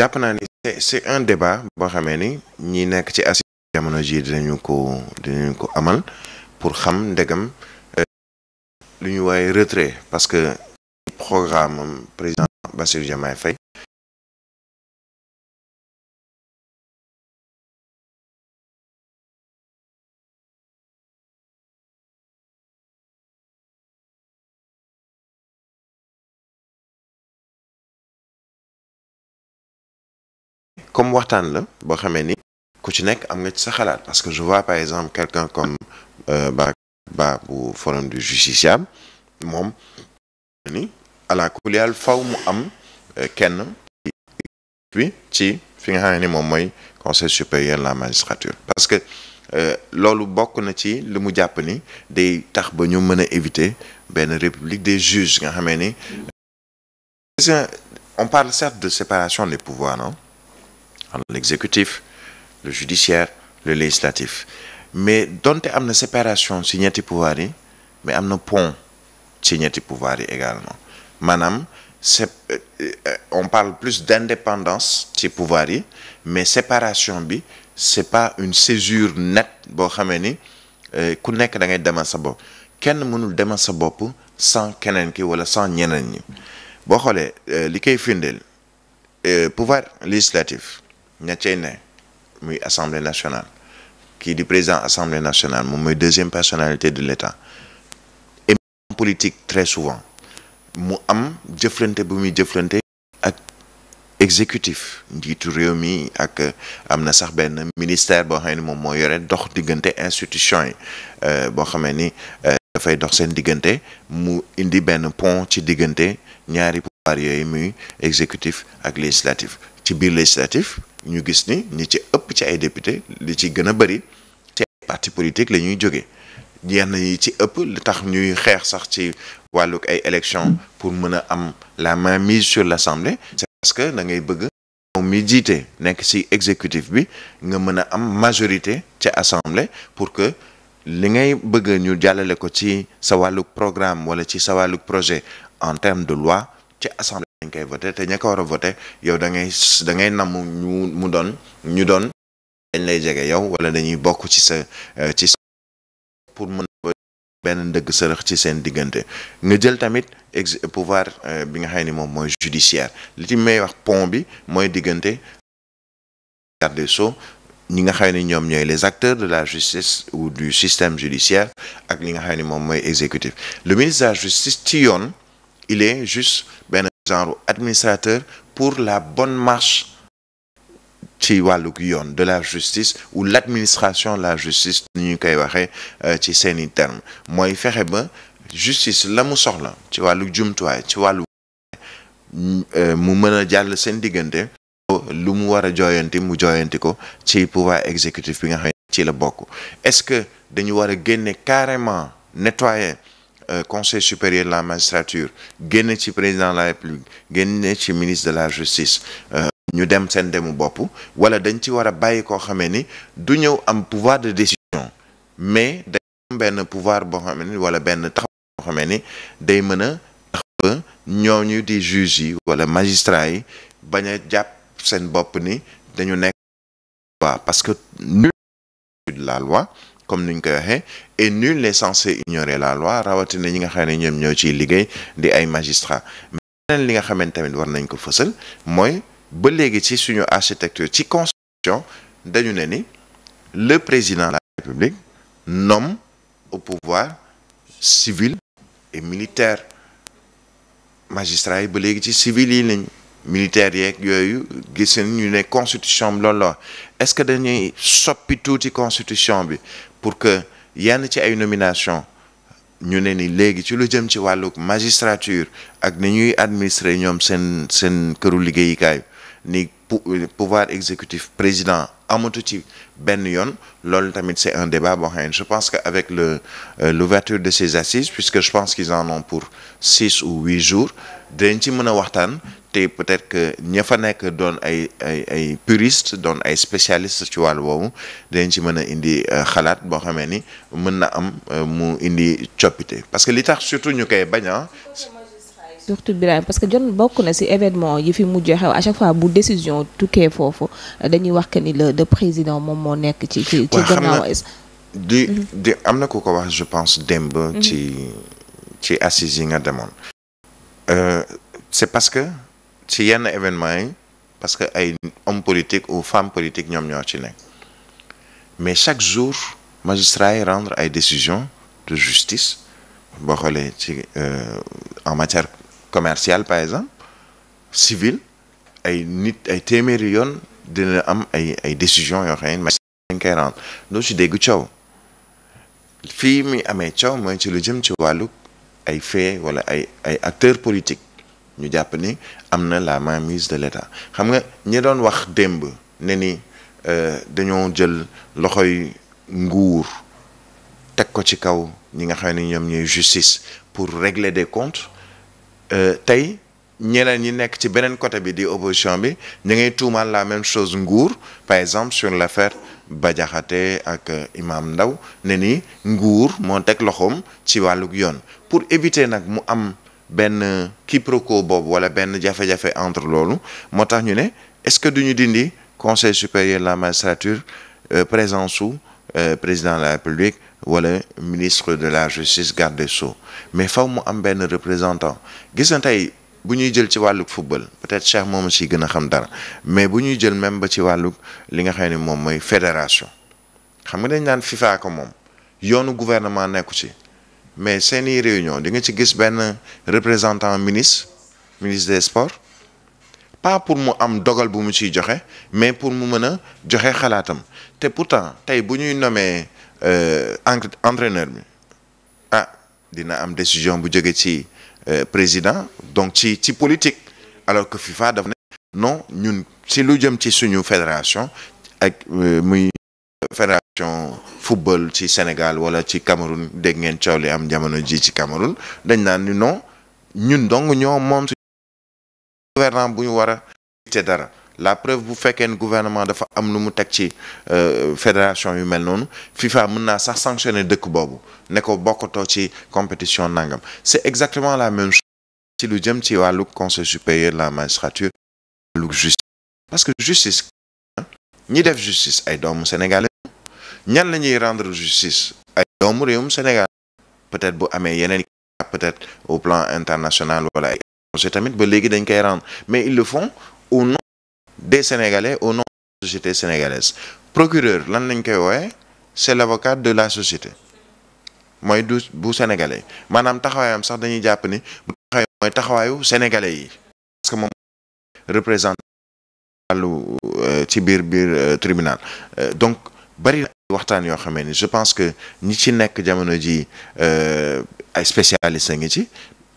jàpp naa ni c'est un débat boo xamee ni ñi nekk ci assi jamono ji dinañu ko dinañu ko amal pour xam ndegam euh, lu ñuy waaye retrait parce que programme président Bassirou Diomaye fay comme waxtaan la boo xamee ni ku ci nekk am nga ci sa xalaat parce que je vois par exemple quelqu'un comme euh, ba ba bu forum du justiciable moom ni ala kulial faw mu am euh, kenn bi ci fi nga xam ni moom mooy conseil supérieur la magistrature parce que euh, loolu bokk na ci lu mu jàpp ni day tax ba ñu mën a éviter benn république des juges nga xamee ni on parle certes de séparation des pouvoirs am na l'exécutif le judiciaire le législatif mais donte am na séparation ci ñetti pouvoir yi mais am na pon ci ñetti pouvoir yi également maanaam c'est euh, euh, on parle plus d'indépendance ci pouvoir yi mais séparation bi c'est pas une césure nette boo xamee ni euh, ku nekk da ngay demal sa bopp kenn mënul demal sa bopp san keneen ki wala sans ñeneen ñi boo xoolee li koy firndeel pouvoir législatif ña ne muy assemblée nationale kii di président assemblée nationale moom mooy deuxième personalité de l'État et politique très souvent mu am jëflante bu muy jëflante ak exécutif njiitu réew mi ak euh, am na sax benn ministère boo xam ne moom moo yore dox diggante institution yi euh, boo xamee ni euh, dafay dox seen diggante mu indi benn pont ci diggante ñaari pouvoir yooyu muy exécutif ak législatif ci biir législatif ñu gis ni ñi ci ëpp ci ay député li ci gën a bëri ci parti politique la ñuy jógee yenn yi ci ëpp li tax ñuy xeex sax ci wàllug ay élection pour mën a am la main mise sur l'assemblée c'est parce que da ngay bëgg moom mi jiite nekk ci exécutif bi nga mën a am majorité ci assemblée pour que li ngay bëgg ñu jàllale ko ci sa wàllug programme wala ci sa wàllug projet en termes de loi ci assemblée dañ koy voté te ña ko war a voté yow da ngay da ngay namm ñu mu doon ñu doon dañ lay jege yow wala dañuy bokk ci sa eh, ci pour mën benn ndëgg sërëx ci seen diggante nga jël tamit ex pouvoir eh, bi nga xam ni moom mooy judiciaire li ci may wax pont bi mooy diggante garde des sceaux ñi nga xam ne ñoom ñooy les acteurs de la justice ou du système judiciaire ak ñi nga xam ni moom mooy exécutif le ministre de justice ci yoon il est juste benn genre administrateur pour la bonne marche ci wàllug yoon de la justice ou l'administration de la justice ni ñu koy waxee euh, ci seeni terme mooy fexe ba justice la mu soxla ci wàllu jumtuwaay ci wàllu euh, mu mën a jàll seen diggante lu mu war a jooyanti mu jooyanti ko ci pouvoir exécutif bi nga xam ci la bokk est-ce que dañu war a génne carrément nettoyer Euh, conseil supérieur de la magistrature génn ci président de la république génn ci ministre de la justice euh, ñu dem seen demu bopp wala dañ ci war a bàyyi koo xamee ni du ñëw am pouvoir de décision mais dañ benn pouvoir boo xamee ni wala benn taxaw boo xamee ni day mën a tax ba di juge yi wala magistrat yi bañ a jàpp seen bopp ni dañu nekk parce que nul la loi comme niñ koy waxee et nul n'est censé ignorer la loi rawatina ñi nga xam ne ñoom ñoo ciy liggéey di ay magistrats. beneen li nga xamante tamit war nañ ko fësal mooy ba léegi ci suñu architecture ci constitution dañu ne ni le président de la république nomme au pouvoir civil et militaire magistrats yi ba léegi ci civil yi lañ. militaires yeeg yooyu gis ñu ne constitution bi loolu la est-ce que dañuy soppi tuuti constitution bi pour que yenn ci ay nomination ñu ne ni léegi ci lu jëm ci wàllu magistrature ak ni ñuy administrer ñoom seen seen këru liggéeyukaay ni pouvoir exécutif président amatu ci benn yoon loolu tamit c'est un débat boo xam ne je pense que avec le euh, l'ouverture de ces assises puisque je pense qu'ils en ont pour six ou huit jours dinañ ci mën a waxtaan te peut-être que ña fa nekk doon ay ay ay puristes doon ay spécialistes ci wàll woowu dinañ ci mën a indi euh, xalaat boo xamee ni mën na am euh, mu indi coppite parce que li tax surtout ñu koy bañ surtout Birahim parce que jon bokk na ci événement yi fi mujjee xew à chaque fois bu décision tukkee foofu dañuy wax que ni le de président moom moo nekk ci ci ci gannaaw di mm-hmm. di am na ko ko wax je pense démb mm-hmm. ci ci yi nga demoon euh, c'est parce que ci yenn événement yi parce que ay homme politique ou femme politique ñoom ñoo ci nekk mais chaque jour magistrats yi rendre ay décisions de justice boo xoolee ci euh, en matière commercial par exemple civil ay nit ay téeméeri yoon dina am ay ay décision yoo xam ne ma dañ koy rendre doo ci dégg fii mi amee coow mooy ci lu jëm ci wàllu ay fait wala ay ay acteurs politiques ñu jàpp ni am na la mise de l'État xam nga ñi doon wax démb ne ni euh, dañoo jël loxoy nguur teg ko ci kaw ñi nga xam ne ñoom ñooy justice pour régler des comptes Euh, tey ñeneen ñi nekk ci beneen côté bi di opposition bi ñu ngay tuumaal la même chose nguur par exemple sur l'affaire Bah Diakhaté ak euh, imaam ndaw ne nii nguur moo teg loxoom ci wàllug yoon pour éviter nag mu am benn quiproquo boobu wala benn jafe-jafe entre loolu moo tax ñu ne est-ce que du ñu dindi conseil supérieur la magistrature euh, présence su Euh, président de la République wala ministre de la justice garde des sceaux mais faw mu am benn représentant gis na tey bu ñuy jël ci wàllug football peut-être Cheikh moom si gën a xam dara mais bu ñuy jël même ba ci wàllug li nga xam ni moom mooy fédération xam nga dañ naan FIFA moom yoonu gouvernement nekku ci mais seeni réunion di nga ci gis benn représentant ministre ministre des sports pas pour mu am dogal bu mu ciy joxe mais pour mu mën a joxe xalaatam te pourtant tey bu ñuy nommé euh, entraîneur bi ah dina am décision bu jege ci euh, président donc ci ci politique alors que FIFA dafa ne non ñun si lu jëm ci suñu fédération ak euh, muy fédération football ci Sénégal wala ci Cameroun dégg ngeen coow li am jamono ji ci Cameroun dañ naan ni non ñun dong ñoo moom. gouvernant bu ñu war a te dara la preuve bu fekkee ne gouvernement dafa am lu mu teg ci euh, fédération yu mel noonu FIFA mun naa sax sanctionner dëkk boobu ne ko bokkatoo ci compétition nangam c'est exactement la même chose ci lu jëm ci wàllu conseil supérieur de la magistrature wàllu justice parce que justice ñi def justice ay doomu sénégalais ñan la ñuy rendre justice ay doomu réewum Sénégal peut-être bu amee yeneen peut-être au plan international wala projet tamit ba léegi dañ koy rendre mais ils le font au nom des sénégalais au nom la société sénégalaise procureur lan lañ koy wooye c'est l'avocat de la société mooy du bu sénégalais maanaam taxawaayam sax dañuy jàpp ni bu taxawaayu sénégalais yi parce que moom représente wàllu euh, ci biir biir euh, tribunal euh, donc bari waxtaan yoo xamee ni je pense que ñi ci nekk jamono ji ay spécialiste a ngi ci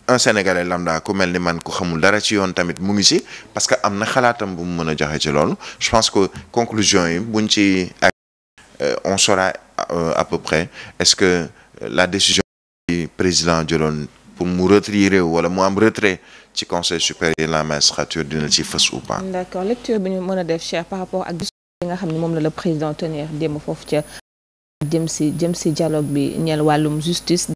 un sénégalais lambda ku mel ni man ku xamul dara ci yoon tamit mu ngi ci parce que am na xalaatam bu mu mën a joxe ci loolu je pense que conclusion yi bu ñu ci euh, on saura euh, à peu près est-ce que euh, la décision du président jëloon pour mu retirer wala mu am retrait ci conseil supérieur de la magistrature dina ci fës ou pas. d'accord lecture bi ñu mën a def cher par rapport ak nga xam ne moom la le président tenir démb foofu ca jëm si jëm si dialogue bi